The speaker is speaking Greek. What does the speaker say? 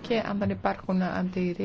και αν δεν υπάρχουν αντίρρησεις